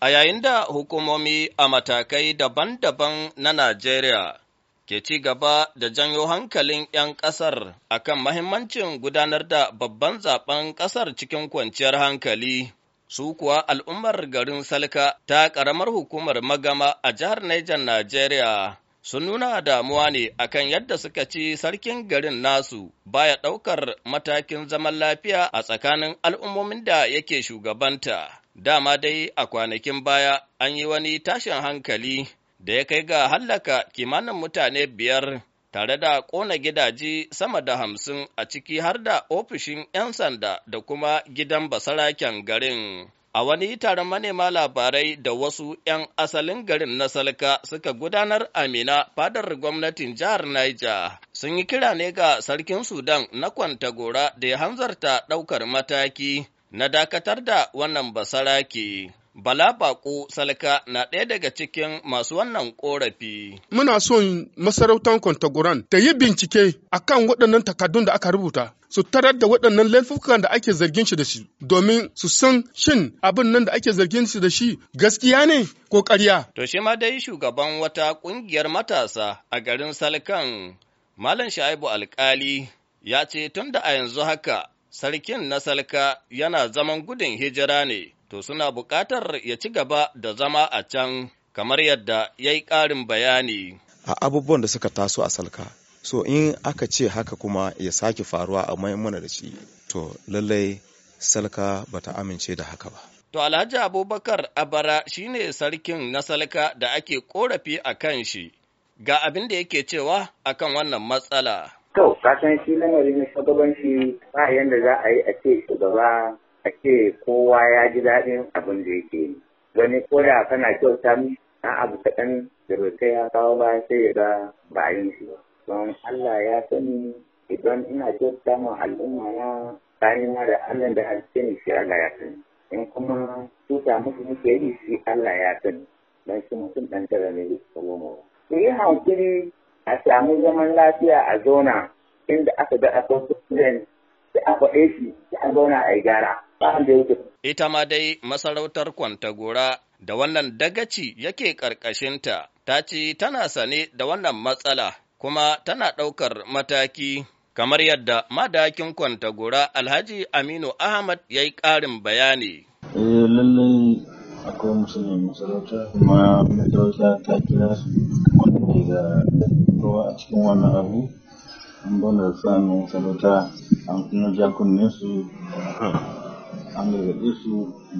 A yayin da hukumomi a matakai daban-daban na Najeriya ke ci gaba da janyo hankalin ‘yan ƙasar kan mahimmancin gudanar da babban zaben ƙasar cikin kwanciyar hankali, su kuwa al'ummar garin Salka ta ƙaramar hukumar magama a jihar Niger Najeriya. Sun nuna damuwa ne akan yadda suka ci sarkin garin nasu baya ɗaukar matakin zaman lafiya a tsakanin al'ummomin da yake shugabanta. Dama dai a kwanakin baya an yi wani tashin hankali da ya kai ga hallaka kimanin mutane biyar tare da ƙona gidaje sama da hamsin a ciki har da ofishin 'yan sanda da kuma gidan basaraken garin. A wani taron manema labarai da wasu 'yan asalin garin na Salka suka gudanar Amina fadar gwamnatin jihar Niger sun yi kira ne ga sarkin Sudan na Kwantagora da ya hanzarta ɗaukar mataki na dakatar da wannan basarake. Bala baƙo Salka na ɗaya daga cikin masu wannan ƙorafi. Muna son masarautar Kwantagoran ta yi bincike a kan waɗannan takardun da aka rubuta. su tarar da waɗannan laifukan da ake zargin shi da shi domin su san shin abin nan da ake zargin shi da shi gaskiya ne ko ƙarya. To shi ma dai shugaban wata ƙungiyar matasa a garin Salkan Malam Sha'ibu Alƙali ya ce tun da a yanzu haka sarkin na salka yana zaman gudun hijira ne, to suna buƙatar ya ci gaba da zama a can kamar yadda ya yi ƙarin bayani. A abubuwan da suka taso a salka, so in aka ce haka kuma ya sake faruwa a maimuna da shi, to lallai salka bata amince da haka ba. To Alhaji Abubakar Abara shine sarkin na salka da ake korafi a kan shi, ga abin da yake cewa akan wannan matsala. kasan shi lamari na shugabanci ba yadda za a yi a ce shugaba a ce kowa ya ji daɗin abin da yake yi wani ko da kana kyauta mi na abu kaɗan da bai kai ya kawo ba sai ya ga ba a yi shi ba don Allah ya sani idan ina kyauta ma al'umma na tsani na da Allah da haske ne shi Allah ya sani in kuma tuta musu muke yi shi Allah ya sani don shi mutum ɗan tara ne da goma ba. Ku yi hankali a samu zaman lafiya a zona inda aka ga akwai kusurin da a shi da a zauna a yi gyara. Ita ma dai masarautar Kwantagora da wannan dagaci yake ƙarƙashinta ta ce tana sane da wannan matsala kuma tana ɗaukar mataki kamar yadda madakin Kwantagora Alhaji Aminu Ahmad ya yi ƙarin bayani. Eh, lallai akwai musulmi masarauta kuma masarauta ta kira a cikin wannan abu an gwada samun sarauta an kuma ja su hmm. an gargaɗe su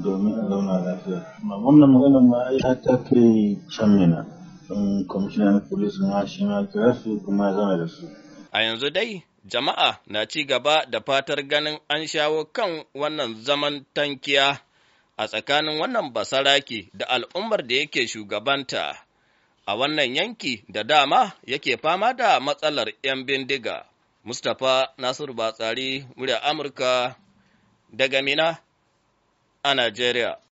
domin a zauna lafiya. Amma wannan maganar ma ya ta kai can mina. Don kwamishinan polis ma shi ma kira su kuma ya zama da su. A yanzu dai jama'a na ci gaba da fatar ganin an shawo kan wannan zaman tankiya a tsakanin wannan basaraki da al'ummar da yake shugabanta. a wannan yanki da dama yake fama da matsalar 'yan bindiga. Mustapha Nasiru Batsari, murya Amurka daga Mina a Najeriya.